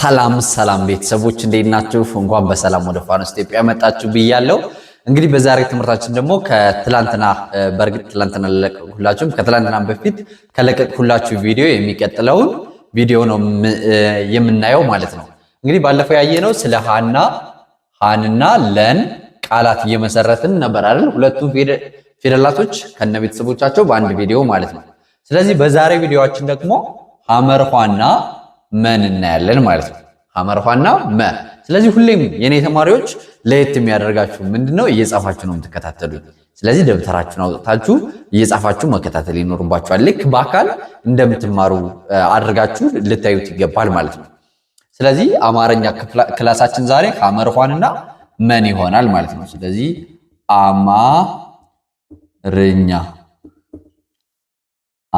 ሰላም ሰላም ቤተሰቦች እንዴት ናችሁ? እንኳን በሰላም ወደ ፋኖስ ኢትዮጵያ መጣችሁ ብያለሁ። እንግዲህ በዛሬ ትምህርታችን ደግሞ ከትላንትና በእርግጥ ትላንትና ለለቀቅሁላችሁም ከትላንትና በፊት ከለቀቅሁላችሁ ቪዲዮ የሚቀጥለውን ቪዲዮ ነው የምናየው ማለት ነው። እንግዲህ ባለፈው ያየነው ስለ ሃና ሃንና ለን ቃላት እየመሰረትን ነበር አይደል? ሁለቱ ፊደላቶች ከነ ቤተሰቦቻቸው በአንድ ቪዲዮ ማለት ነው። ስለዚህ በዛሬ ቪዲዮአችን ደግሞ ሐመርኋና መን እናያለን ማለት ነው። ሀመርኋና መ። ስለዚህ ሁሌም የኔ ተማሪዎች ለየት የሚያደርጋችሁ ምንድን ነው? እየጻፋችሁ ነው የምትከታተሉኝ። ስለዚህ ደብተራችሁን አውጥታችሁ እየጻፋችሁ መከታተል ይኖርባችኋል። ልክ በአካል እንደምትማሩ አድርጋችሁ ልታዩት ይገባል ማለት ነው። ስለዚህ አማርኛ ክላሳችን ዛሬ ሀመርኋንና መን ይሆናል ማለት ነው። ስለዚህ አማርኛ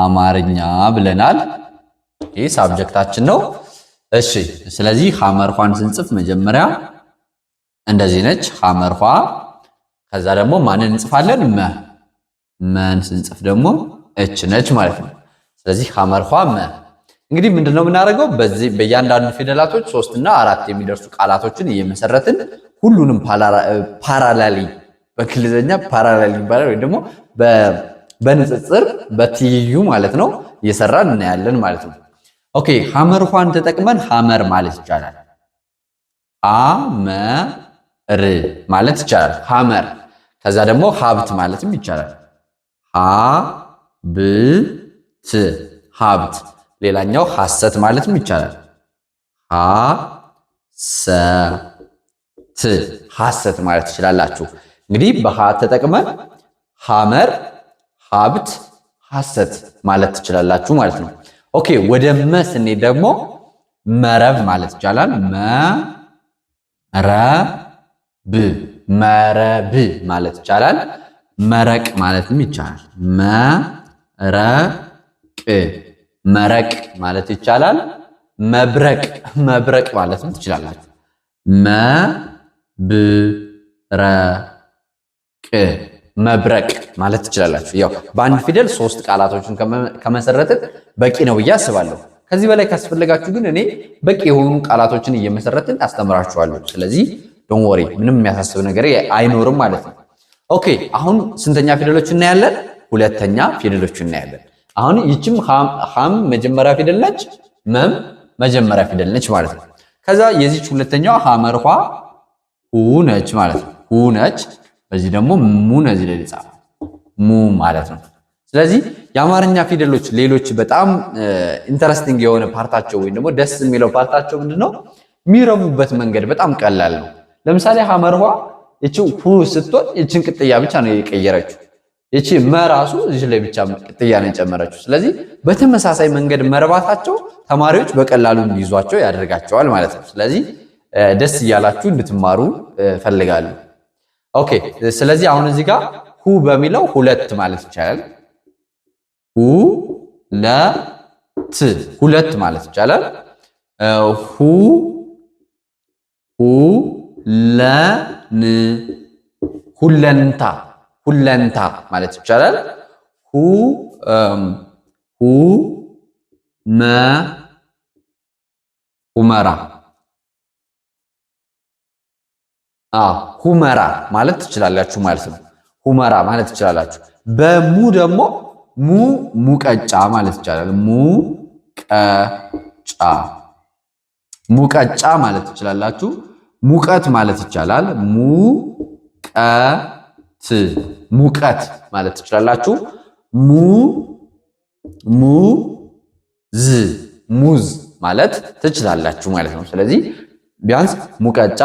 አማርኛ ብለናል። ይህ ሳብጀክታችን ነው። እሺ ስለዚህ ሐመርኋን ስንጽፍ መጀመሪያ እንደዚህ ነች ሐመርኋ። ከዛ ደግሞ ማንን እንጽፋለን? መ መን ስንጽፍ ደግሞ እች ነች ማለት ነው። ስለዚህ ሐመርኋ መ። እንግዲህ ምንድነው የምናደርገው? በዚህ በእያንዳንዱ ፊደላቶች ሶስት እና አራት የሚደርሱ ቃላቶችን እየመሰረትን ሁሉንም ፓራላሊ በእንግሊዝኛ ፓራላሊ ይባላል ወይ ደግሞ በንጽጽር በትይዩ ማለት ነው እየሰራን እናያለን ማለት ነው። ኦኬ ሐመር ኋን ተጠቅመን ሐመር ማለት ይቻላል። አመር ማለት ይቻላል። ሐመር ከዛ ደግሞ ሀብት ማለትም ይቻላል። ሀብት ሀብት። ሌላኛው ሐሰት ማለትም ይቻላል። ሐሰት ሐሰት ማለት ትችላላችሁ። እንግዲህ በሀ ተጠቅመን ሐመር፣ ሀብት፣ ሐሰት ማለት ትችላላችሁ ማለት ነው። ኦኬ ወደ መ ስኔ ደግሞ መረብ ማለት ይቻላል። መረብ መረብ ማለት ይቻላል። መረቅ ማለትም ይቻላል። መረቅ መረቅ ማለት ይቻላል። መብረቅ መብረቅ ማለትም ትችላላችሁ። መብረቅ መብረቅ ማለት ትችላላችሁ። ያው በአንድ ፊደል ሶስት ቃላቶችን ከመሰረትን በቂ ነው ብዬ አስባለሁ። ከዚህ በላይ ካስፈለጋችሁ ግን እኔ በቂ የሆኑ ቃላቶችን እየመሰረትን አስተምራችኋለሁ። ስለዚህ ዶን ወሬ ምንም የሚያሳስብ ነገር አይኖርም ማለት ነው። ኦኬ አሁን ስንተኛ ፊደሎች እናያለን? ሁለተኛ ፊደሎች እናያለን። አሁን ይችም ሀም መጀመሪያ ፊደል ነች፣ መም መጀመሪያ ፊደል ነች ማለት ነው። ከዛ የዚች ሁለተኛው ሀመርኋ ሁ ነች ማለት ነው። ሁ ነች። በዚህ ደግሞ ሙ ነዚህ ላይ ሙ ማለት ነው። ስለዚህ የአማርኛ ፊደሎች ሌሎች በጣም ኢንተረስቲንግ የሆነ ፓርታቸው ወይም ደግሞ ደስ የሚለው ፓርታቸው ምንድነው? የሚረሙበት መንገድ በጣም ቀላል ነው። ለምሳሌ ሀመርኋ እቺ ሁ ስትሆን እቺን ቅጥያ ብቻ ነው የቀየረችው። እቺ መራሱ እዚህ ላይ ብቻ ቅጥያ ነው የጨመረችው። ስለዚህ በተመሳሳይ መንገድ መረባታቸው ተማሪዎች በቀላሉ እንዲይዟቸው ያደርጋቸዋል ማለት ነው። ስለዚህ ደስ እያላችሁ እንድትማሩ ፈልጋለሁ። ኦኬ። ስለዚህ አሁን እዚህ ጋር ሁ በሚለው ሁለት ማለት ይቻላል። ሁ ለ ት ሁለት ማለት ይቻላል። ሁ ሁ ለ ን ሁለንታ ሁለንታ ማለት ይቻላል። ሁ ሁ መ ሁመራ ሁመራ ማለት ትችላላችሁ ማለት ነው። ሁመራ ማለት ትችላላችሁ። በሙ ደግሞ ሙ ሙቀጫ ማለት ይቻላል። ሙቀጫ ሙቀጫ ማለት ትችላላችሁ። ሙቀት ማለት ይቻላል። ሙቀት ሙቀት ማለት ትችላላችሁ። ሙ ሙዝ ሙዝ ማለት ትችላላችሁ ማለት ነው። ስለዚህ ቢያንስ ሙቀጫ፣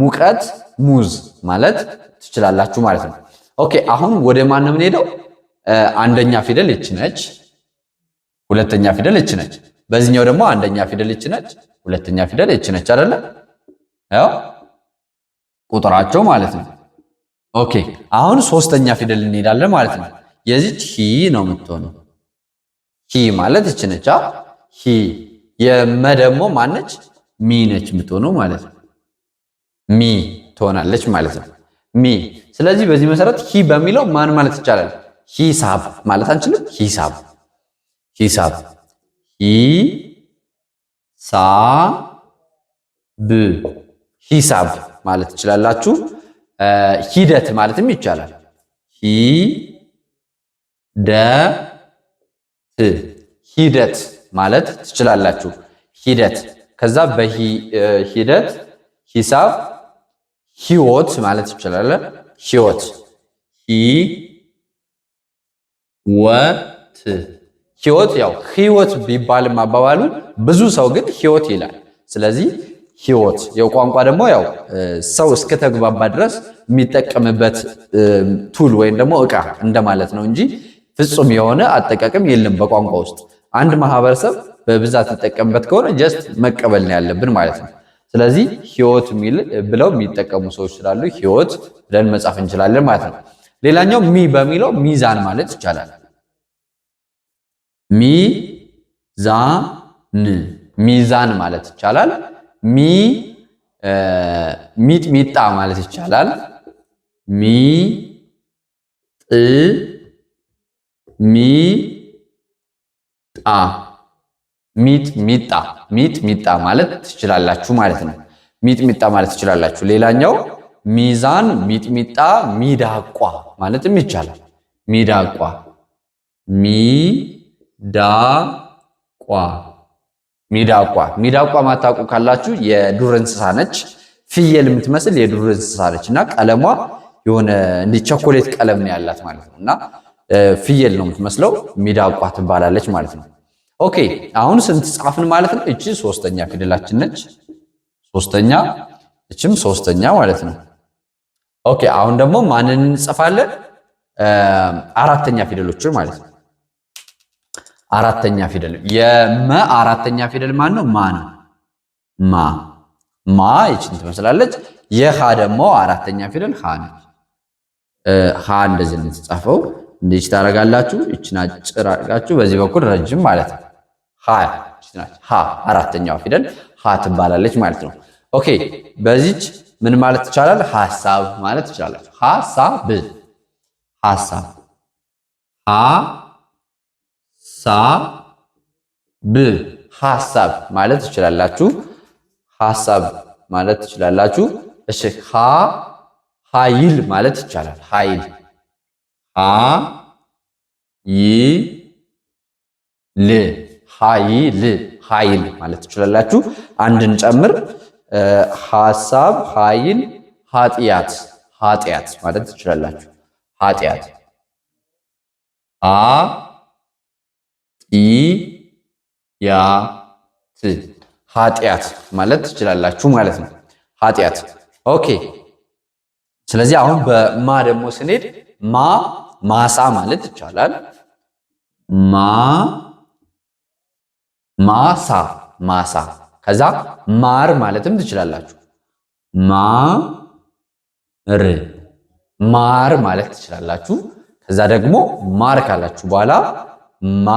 ሙቀት፣ ሙዝ ማለት ትችላላችሁ ማለት ነው። ኦኬ አሁን ወደ ማን ነው የምንሄደው? አንደኛ ፊደል እች ነች፣ ሁለተኛ ፊደል እች ነች። በዚህኛው ደግሞ አንደኛ ፊደል እች ነች፣ ሁለተኛ ፊደል እች ነች አይደለ? ያው ቁጥራቸው ማለት ነው። ኦኬ አሁን ሶስተኛ ፊደል እንሄዳለን ማለት ነው። የዚች ሂ ነው የምትሆነው። ሂ ማለት እች ነች። ሂ የመ ደግሞ ማነች? ሚ ነች የምትሆነው ማለት ነው። ሚ ትሆናለች ማለት ነው። ሚ። ስለዚህ በዚህ መሰረት ሂ በሚለው ማን ማለት ይቻላል? ሂሳብ ማለት አንችልም። ሂሳብ ሂሳብ ሂ ሳ ብ ሂሳብ ማለት ትችላላችሁ። ሂደት ማለትም ይቻላል። ሂ ደ ት ሂደት ማለት ትችላላችሁ። ሂደት ከዛ በሂደት ሂሳብ ህይወት ማለት ይችላል። ህይወት ወት ህይወት ያው ህይወት ቢባልም አባባሉ ብዙ ሰው ግን ህይወት ይላል። ስለዚህ ህይወት ያው ቋንቋ ደግሞ ያው ሰው እስከተግባባ ድረስ የሚጠቀምበት ቱል ወይም ደግሞ እቃ እንደማለት ነው እንጂ ፍጹም የሆነ አጠቃቀም የለም በቋንቋ ውስጥ። አንድ ማህበረሰብ በብዛት ይጠቀምበት ከሆነ ጀስት መቀበል ነው ያለብን ማለት ነው። ስለዚህ ህይወት የሚል ብለው የሚጠቀሙ ሰዎች ስላሉ ህይወት ብለን መጻፍ እንችላለን ማለት ነው። ሌላኛው ሚ በሚለው ሚዛን ማለት ይቻላል። ሚዛን ሚዛን ማለት ይቻላል። ሚ ሚጥሚጣ ማለት ይቻላል። ሚ ጥ ሚ ጣ ሚጥ ሚጣ ሚጥ ሚጣ ማለት ትችላላችሁ ማለት ነው። ሚጥ ሚጣ ማለት ትችላላችሁ። ሌላኛው ሚዛን ሚጥ ሚጣ ሚዳቋ ማለትም ይቻላል። ሚዳቋ ሚዳቋ ሚዳቋ ሚዳቋ ማታውቁ ካላችሁ የዱር እንስሳ ነች። ፍየል የምትመስል የዱር እንስሳ ነች እና ቀለሟ የሆነ እንዲህ ቸኮሌት ቀለም ነው ያላት ማለት ነው እና ፍየል ነው የምትመስለው። ሚዳቋ ትባላለች ማለት ነው። ኦኬ አሁን ስንት ጻፍን ማለት ነው? እቺ ሶስተኛ ፊደላችን ነች። ሶስተኛ እችም ሶስተኛ ማለት ነው። ኦኬ አሁን ደግሞ ማንን እንጽፋለን? አራተኛ ፊደሎችን ማለት ነው። አራተኛ ፊደል የመ አራተኛ ፊደል ማን ነው? ማ ነው። ማ ማ ይችን ትመስላለች። የሃ ደግሞ አራተኛ ፊደል ሃ ነች። ሃ እንደዚህ ልትጻፈው እንዴት እንዲህ ታረጋላችሁ። ይችን አጭር አድርጋችሁ በዚህ በኩል ረጅም ማለት ነው። ሀ አራተኛዋ ፊደል ሀ ትባላለች ማለት ነው። ኦኬ በዚች ምን ማለት ይቻላል? ሀሳብ ማለት ይቻላል። ሀሳብ ሀሳብ ሀሳብ ሀሳብ ማለት ትችላላችሁ። ሀሳብ ማለት ትችላላችሁ። እሺ ሀ ሀይል ማለት ይቻላል። ሀይል ሀ ይ ል ኃይል ኃይል ማለት ትችላላችሁ። አንድን ጨምር ሐሳብ፣ ኃይል፣ ኃጢያት ኃጢያት ማለት ትችላላችሁ። ኃጢያት አ ጢ ያ ት ኃጢያት ማለት ትችላላችሁ ማለት ነው። ኃጢያት ኦኬ። ስለዚህ አሁን በማ ደግሞ ስንሄድ ማ ማሳ ማለት ይቻላል ማ ማሳ ማሳ ከዛ ማር ማለትም ትችላላችሁ። ማር ማር ማለት ትችላላችሁ። ከዛ ደግሞ ማር ካላችሁ በኋላ ማ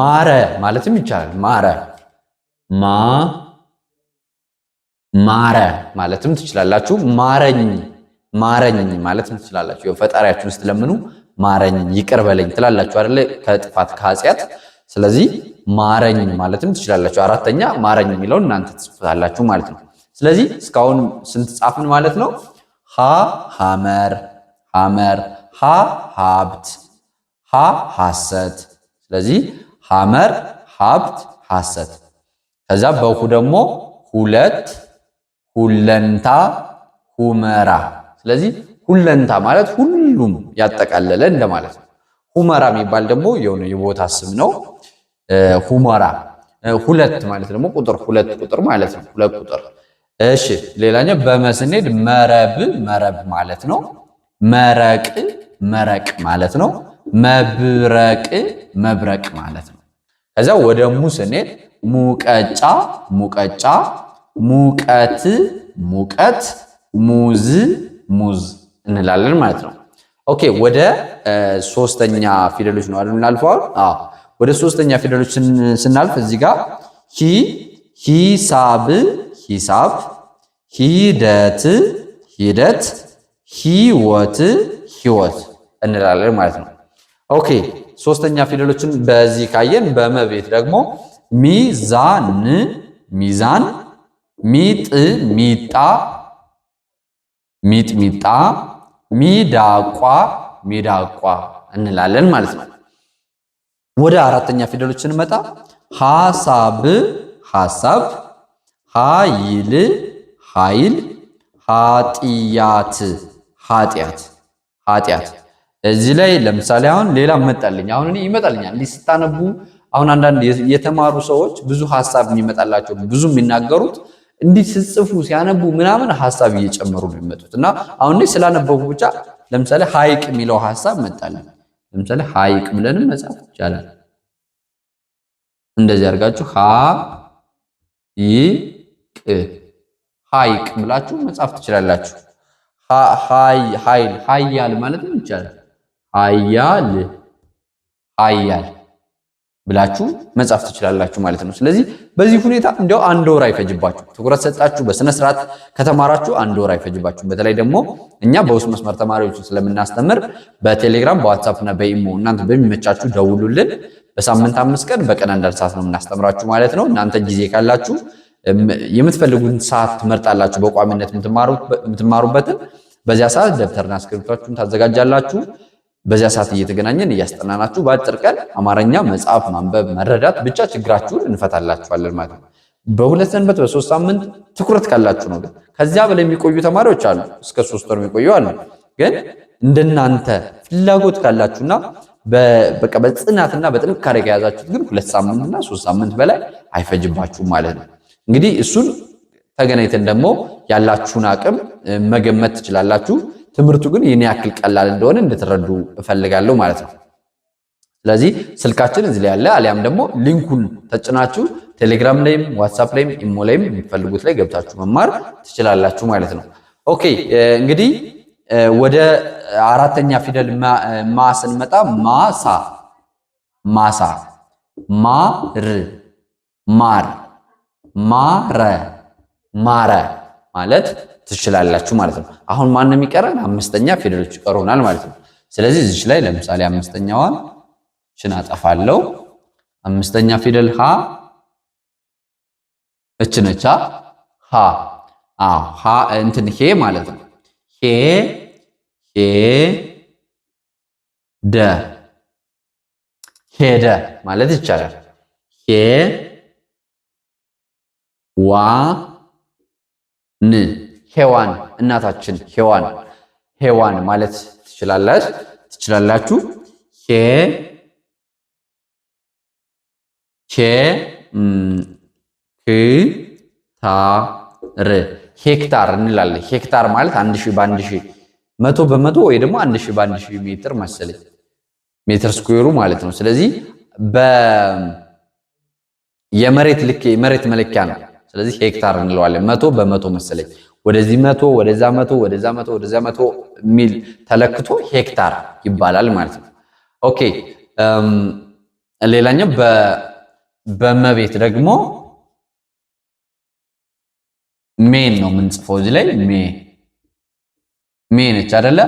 ማረ ማለትም ይቻላል። ማረ ማ ማረ ማለትም ትችላላችሁ። ማረኝ ማረኝ ማለትም ትችላላችሁ። ፈጣሪያችሁን ስትለምኑ ማረኝ ይቅር በለኝ ትላላችሁ አይደለ? ከጥፋት ከኃጢአት ስለዚህ ማረኝ ማለትም ትችላላችሁ። አራተኛ ማረኝ የሚለውን እናንተ ትጽፉታላችሁ ማለት ነው። ስለዚህ እስካሁን ስንት ጻፍን ማለት ነው? ሀ ሐመር ሐመር፣ ሀ ሀብት፣ ሀ ሐሰት። ስለዚህ ሐመር፣ ሀብት፣ ሐሰት። ከዛ በሁ ደግሞ ሁለት፣ ሁለንታ፣ ሁመራ። ስለዚህ ሁለንታ ማለት ሁሉም ያጠቃለለ እንደማለት ነው። ሁመራ የሚባል ደግሞ የሆነ የቦታ ስም ነው። ሁመራ ሁለት ማለት ደግሞ ቁጥር ሁለት ቁጥር ማለት ነው። ሁለት ቁጥር እሺ። ሌላኛው በመስኔድ መረብ መረብ ማለት ነው። መረቅ መረቅ ማለት ነው። መብረቅ መብረቅ ማለት ነው። ከዛ ወደ ሙ ስንሄድ ሙቀጫ ሙቀጫ፣ ሙቀት ሙቀት፣ ሙዝ ሙዝ እንላለን ማለት ነው። ኦኬ ወደ ሶስተኛ ፊደሎች ነው አይደል እናልፈው ወደ ሶስተኛ ፊደሎች ስናልፍ እዚህ ጋር ሂ ሂሳብ ሂሳብ፣ ሂደት ሂደት፣ ሂወት ህይወት እንላለን ማለት ነው። ኦኬ ሶስተኛ ፊደሎችን በዚህ ካየን በመቤት ደግሞ ሚዛን ሚዛን፣ ሚጥ ሚጣ ሚጥ ሚጣ ሚዳቋ ሚዳቋ እንላለን ማለት ነው። ወደ አራተኛ ፊደሎች ስንመጣ ሐሳብ ሐሳብ፣ ኃይል ኃይል፣ ኃጢያት ኃጢያት ኃጢያት። እዚህ ላይ ለምሳሌ አሁን ሌላ መጣልኝ አሁን እኔ ይመጣልኛል እንዲህ ስታነቡ አሁን አንዳንድ የተማሩ ሰዎች ብዙ ሐሳብ የሚመጣላቸው ብዙ የሚናገሩት እንዲህ ስጽፉ ሲያነቡ ምናምን ሀሳብ እየጨመሩ ነው የሚመጡት እና አሁን ላይ ስላነበቡ ብቻ ለምሳሌ ሀይቅ የሚለው ሀሳብ መጣለን። ለምሳሌ ሀይቅ ብለንም መጻፍ ይቻላል። እንደዚህ አድርጋችሁ ሀ ይቅ ሀይቅ ብላችሁ መጻፍ ትችላላችሁ። ሀይል ሀያል ማለትም ይቻላል። ሀያል ሀያል ብላችሁ መጻፍ ትችላላችሁ ማለት ነው። ስለዚህ በዚህ ሁኔታ እንዲያው አንድ ወር አይፈጅባችሁ። ትኩረት ሰጣችሁ በስነ ስርዓት ከተማራችሁ አንድ ወር አይፈጅባችሁ። በተለይ ደግሞ እኛ በውስጥ መስመር ተማሪዎችን ስለምናስተምር በቴሌግራም በዋትሳፕ እና በኢሞ እናንተ በሚመቻችሁ ደውሉልን። በሳምንት አምስት ቀን በቀን አንዳንድ ሰዓት ነው የምናስተምራችሁ ማለት ነው። እናንተ ጊዜ ካላችሁ የምትፈልጉን ሰዓት ትመርጣላችሁ፣ በቋሚነት የምትማሩበትን። በዚያ ሰዓት ደብተርና እስክሪብቷችሁን ታዘጋጃላችሁ። በዚያ ሰዓት እየተገናኘን እያስጠናናችሁ በአጭር ቀን አማርኛ መጽሐፍ ማንበብ፣ መረዳት ብቻ ችግራችሁን እንፈታላችኋለን ማለት ነው። በሁለት ሰንበት በሶስት ሳምንት ትኩረት ካላችሁ ነው። ግን ከዚያ በላይ የሚቆዩ ተማሪዎች አሉ፣ እስከ ሶስት ወር የሚቆዩ አሉ። ግን እንደናንተ ፍላጎት ካላችሁና በቃ በጽናትና በጥንካሬ ከያዛችሁት ግን ሁለት ሳምንትና ሶስት ሳምንት በላይ አይፈጅባችሁም ማለት ነው። እንግዲህ እሱን ተገናኝተን ደግሞ ያላችሁን አቅም መገመት ትችላላችሁ። ትምህርቱ ግን ይህን ያክል ቀላል እንደሆነ እንድትረዱ እፈልጋለሁ ማለት ነው። ስለዚህ ስልካችን እዚህ ላይ ያለ አሊያም ደግሞ ሊንኩን ተጭናችሁ ቴሌግራም ላይም ዋትሳፕ ላይም ኢሞ ላይም የሚፈልጉት ላይ ገብታችሁ መማር ትችላላችሁ ማለት ነው። ኦኬ እንግዲህ ወደ አራተኛ ፊደል ማ ስንመጣ ማሳ ማሳ ማር ማር ማረ ማረ ማለት ትችላላችሁ ማለት ነው። አሁን ማን ይቀራል? አምስተኛ ፊደሎች ይቀሩናል ማለት ነው። ስለዚህ እዚች ላይ ለምሳሌ አምስተኛዋን ችን አጠፋለሁ። አምስተኛ ፊደል ሀ እች ነቻ ሀ ሀ እንትን ሄ ማለት ነው። ሄ ሄ ደ ሄደ ማለት ይቻላል። ሄ ዋ ን ሔዋን እናታችን ሔዋን ሔዋን ማለት ትችላላች ትችላላችሁ። ሄ ሄ ክ ታ ር ሄክታር እንላለን። ሄክታር ማለት አንድ ሺህ በአንድ ሺህ መቶ በመቶ ወይ ደግሞ አንድ ሺህ በአንድ ሺህ ሜትር መሰለኝ ሜትር ስኩዌሩ ማለት ነው። ስለዚህ በ ልክ የመሬት መለኪያ ነው። ስለዚህ ሄክታር እንለዋለን። መቶ በመቶ መሰለኝ ወደዚህ መቶ ወደዛ መቶ ወደዛ መቶ ወደዛ መቶ የሚል ተለክቶ ሄክታር ይባላል ማለት ነው። ኦኬ ሌላኛው በመቤት ደግሞ ሜን ነው የምንጽፈው እዚህ ላይ ሜ ሜ ነች አደለ?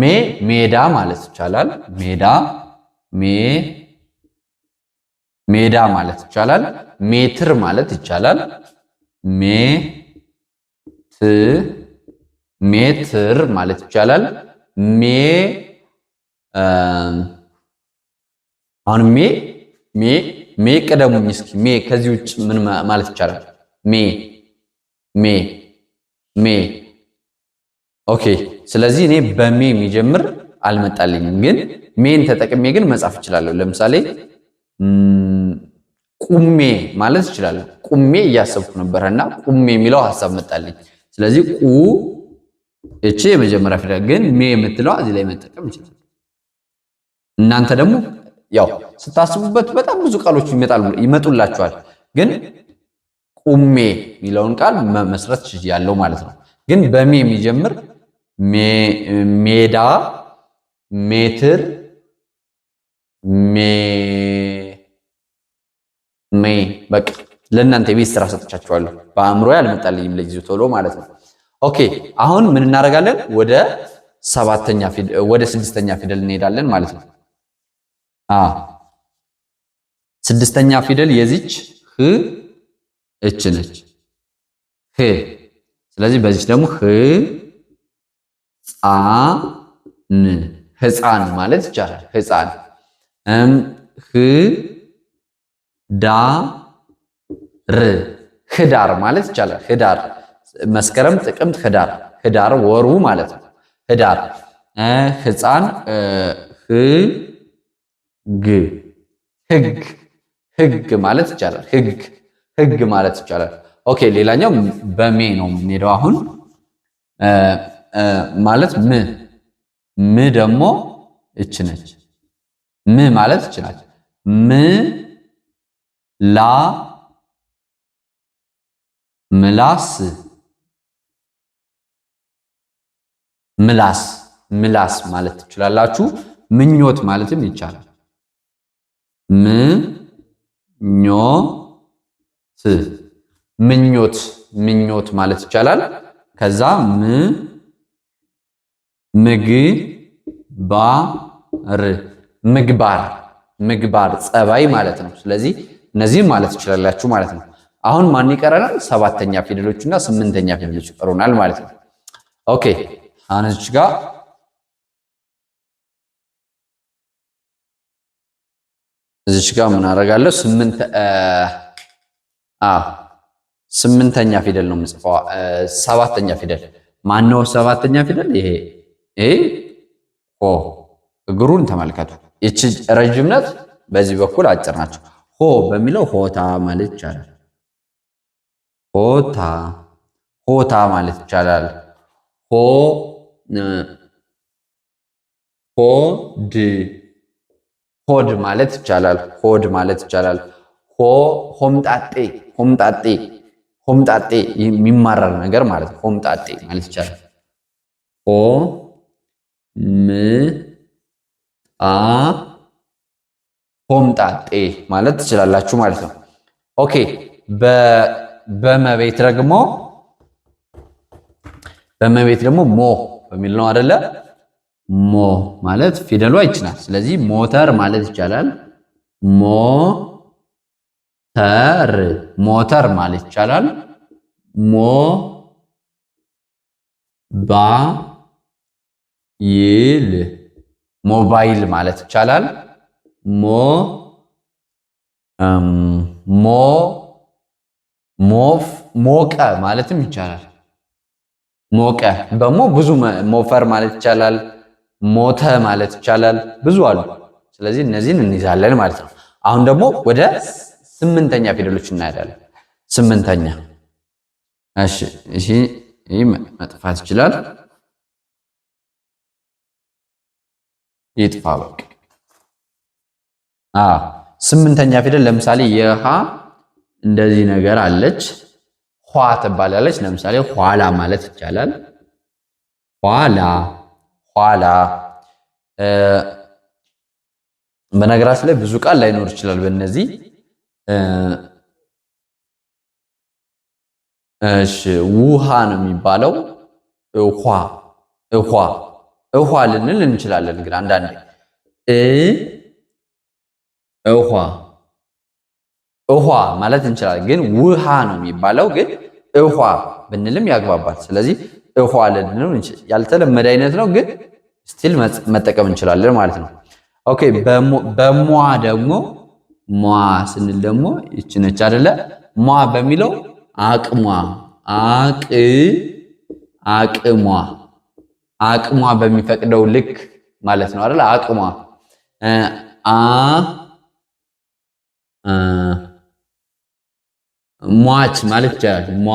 ሜ ሜዳ ማለት ይቻላል። ሜዳ ሜ ሜዳ ማለት ይቻላል። ሜትር ማለት ይቻላል። ሜት ሜትር ማለት ይቻላል። ሜ አሁን ሜ ሜ ሜ ቀደሙኝ እስኪ ሜ ከዚህ ውጭ ምን ማለት ይቻላል? ሜ ሜ ሜ ኦኬ። ስለዚህ እኔ በሜ የሚጀምር አልመጣልኝም፣ ግን ሜን ተጠቅሜ ግን መጻፍ እችላለሁ። ለምሳሌ ቁሜ ማለት እችላለሁ። ቁሜ እያሰብኩ ነበረ እና ቁሜ የሚለው ሀሳብ መጣልኝ። ስለዚህ ቁ እቺ የመጀመሪያ ፊደል ግን ሜ የምትለው እዚህ ላይ መጠቀም ይችላል። እናንተ ደግሞ ያው ስታስቡበት በጣም ብዙ ቃሎች ይመጡላችኋል። ግን ቁሜ የሚለውን ቃል መመስረት ያለው ማለት ነው። ግን በሜ የሚጀምር ሜዳ፣ ሜትር፣ ሜ ሜ በቃ ለእናንተ የቤት ስራ ሰጥቻችኋለሁ። በአእምሮ ያልመጣልኝም ለጊዜው ቶሎ ማለት ነው። ኦኬ አሁን ምን እናደርጋለን? ወደ ሰባተኛ ወደ ስድስተኛ ፊደል እንሄዳለን ማለት ነው። ስድስተኛ ፊደል የዚች ህ እች ነች ህ። ስለዚህ በዚች ደግሞ ህ ጻን ህፃን ማለት ይቻላል። ህፃን ህ ዳ ር ህዳር ማለት ይቻላል። ህዳር መስከረም፣ ጥቅምት፣ ህዳር ህዳር ወሩ ማለት ነው። ህዳር ህፃን ህግ ህግ ህግ ማለት ይቻላል። ህግ ህግ ማለት ይቻላል። ኦኬ ሌላኛው በሜ ነው የምንሄደው አሁን ማለት ም ም ደግሞ እች ነች ም ማለት ይችላል ም ላ ምላስ ምላስ ምላስ ማለት ትችላላችሁ። ምኞት ማለትም ይቻላል። ምኞት ምኞት ምኞት ማለት ይቻላል። ከዛ ም ምግባር ምግባር ምግባር ጸባይ ማለት ነው። ስለዚህ እነዚህም ማለት ትችላላችሁ ማለት ነው። አሁን ማን ይቀረናል? ሰባተኛ ፊደሎች እና ስምንተኛ ፊደሎች ይቀሩናል ማለት ነው። ኦኬ አሁን እዚህ ጋር እዚህ ጋር ምን አደርጋለሁ? ስምንት ስምንተኛ ፊደል ነው የምጽፈው። ሰባተኛ ፊደል ማን ነው? ሰባተኛ ፊደል ይሄ ሆ። እግሩን ተመልከቱ። ይቺ ረጅምነት ናት፣ በዚህ በኩል አጭር ናቸው። ሆ በሚለው ሆታ ማለት ይቻላል። ሆታ ሆታ ማለት ይቻላል። ሆ ሆድ ሆድ ማለት ይቻላል። ሆድ ማለት ይቻላል። ሆ ሆምጣጤ ሆምጣጤ ሆምጣጤ የሚማረር ነገር ማለት ነው። ሆምጣጤ ማለት ይቻላል። ሆ ም አ ሆምጣጤ ማለት ትችላላችሁ ማለት ነው። ኦኬ በ በመቤት ደግሞ በመቤት ደግሞ ሞ በሚል ነው አይደለ? ሞ ማለት ፊደሏ ይችላል። ስለዚህ ሞተር ማለት ይቻላል። ሞተር ሞተር ማለት ይቻላል። ሞ ባ ይል ሞባይል ማለት ይቻላል። ሞ ሞ ሞቀ ማለትም ይቻላል። ሞቀ በሞ ብዙ ሞፈር ማለት ይቻላል። ሞተ ማለት ይቻላል። ብዙ አሉ። ስለዚህ እነዚህን እንይዛለን ማለት ነው። አሁን ደግሞ ወደ ስምንተኛ ፊደሎች እናሄዳለን። ስምንተኛ እሺ፣ ይሄ መጥፋት ይችላል። ይጥፋ በቃ። ስምንተኛ ፊደል ለምሳሌ የሃ እንደዚህ ነገር አለች። ኋ ትባላለች። ለምሳሌ ኋላ ማለት ይቻላል። ኋላ ኋላ። በነገራችን ላይ ብዙ ቃል ላይኖር ይችላል በእነዚህ። እሺ ውሃ ነው የሚባለው። እኳ እኳ እኳ ልንል እንችላለን። ግን አንዳንዴ እ እኳ ውሃ ማለት እንችላለን። ግን ውሃ ነው የሚባለው። ግን እሃ ብንልም ያግባባል። ስለዚህ እሃ ልንለው ያልተለመደ አይነት ነው፣ ግን ስቲል መጠቀም እንችላለን ማለት ነው። ኦኬ በሟ ደግሞ ሟ ስንል ደግሞ ይችነች አይደለ? ሟ በሚለው አቅሟ አቅ አቅሟ አቅሟ በሚፈቅደው ልክ ማለት ነው አይደለ? አቅሟ አ ሟች ማለት ይቻላል። ሟ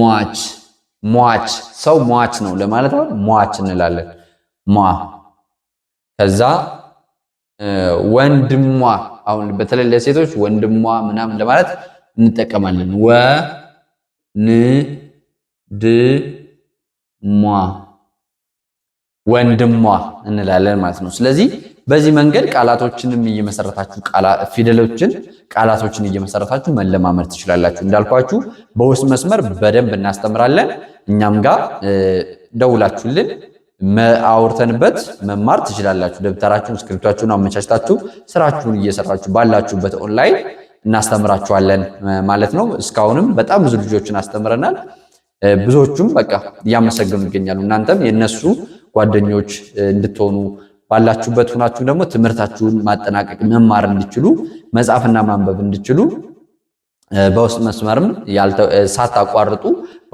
ሟች ሟች ሰው ሟች ነው ለማለት አሁን ሟች እንላለን። ሟ ከዛ ወንድሟ አሁን በተለይ ለሴቶች ወንድሟ ምናምን ለማለት እንጠቀማለን። ወ ን ድ ሟ ወንድሟ እንላለን ማለት ነው። ስለዚህ በዚህ መንገድ ቃላቶችንም እየመሰረታችሁ ፊደሎችን ቃላቶችን እየመሰረታችሁ መለማመድ ትችላላችሁ። እንዳልኳችሁ በውስጥ መስመር በደንብ እናስተምራለን። እኛም ጋር ደውላችሁልን አውርተንበት መማር ትችላላችሁ። ደብተራችሁን፣ እስክሪፕታችሁን አመቻችታችሁ ስራችሁን እየሰራችሁ ባላችሁበት ኦንላይን እናስተምራችኋለን ማለት ነው። እስካሁንም በጣም ብዙ ልጆችን አስተምረናል። ብዙዎቹም በቃ እያመሰገኑ ይገኛሉ። እናንተም የእነሱ ጓደኞች እንድትሆኑ ባላችሁበት ሁናችሁ ደግሞ ትምህርታችሁን ማጠናቀቅ መማር እንዲችሉ መጻፍና ማንበብ እንዲችሉ በውስጥ መስመርም ሳታቋርጡ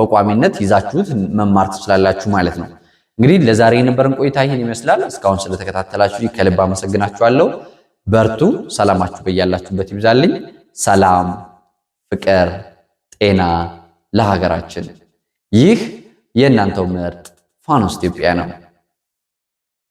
በቋሚነት ይዛችሁት መማር ትችላላችሁ ማለት ነው። እንግዲህ ለዛሬ የነበረን ቆይታ ይህን ይመስላል። እስካሁን ስለተከታተላችሁ ከልብ አመሰግናችኋለሁ። በርቱ። ሰላማችሁ በያላችሁበት ይብዛልኝ። ሰላም፣ ፍቅር፣ ጤና ለሀገራችን። ይህ የእናንተው ምርጥ ፋኖስ ኢትዮጵያ ነው።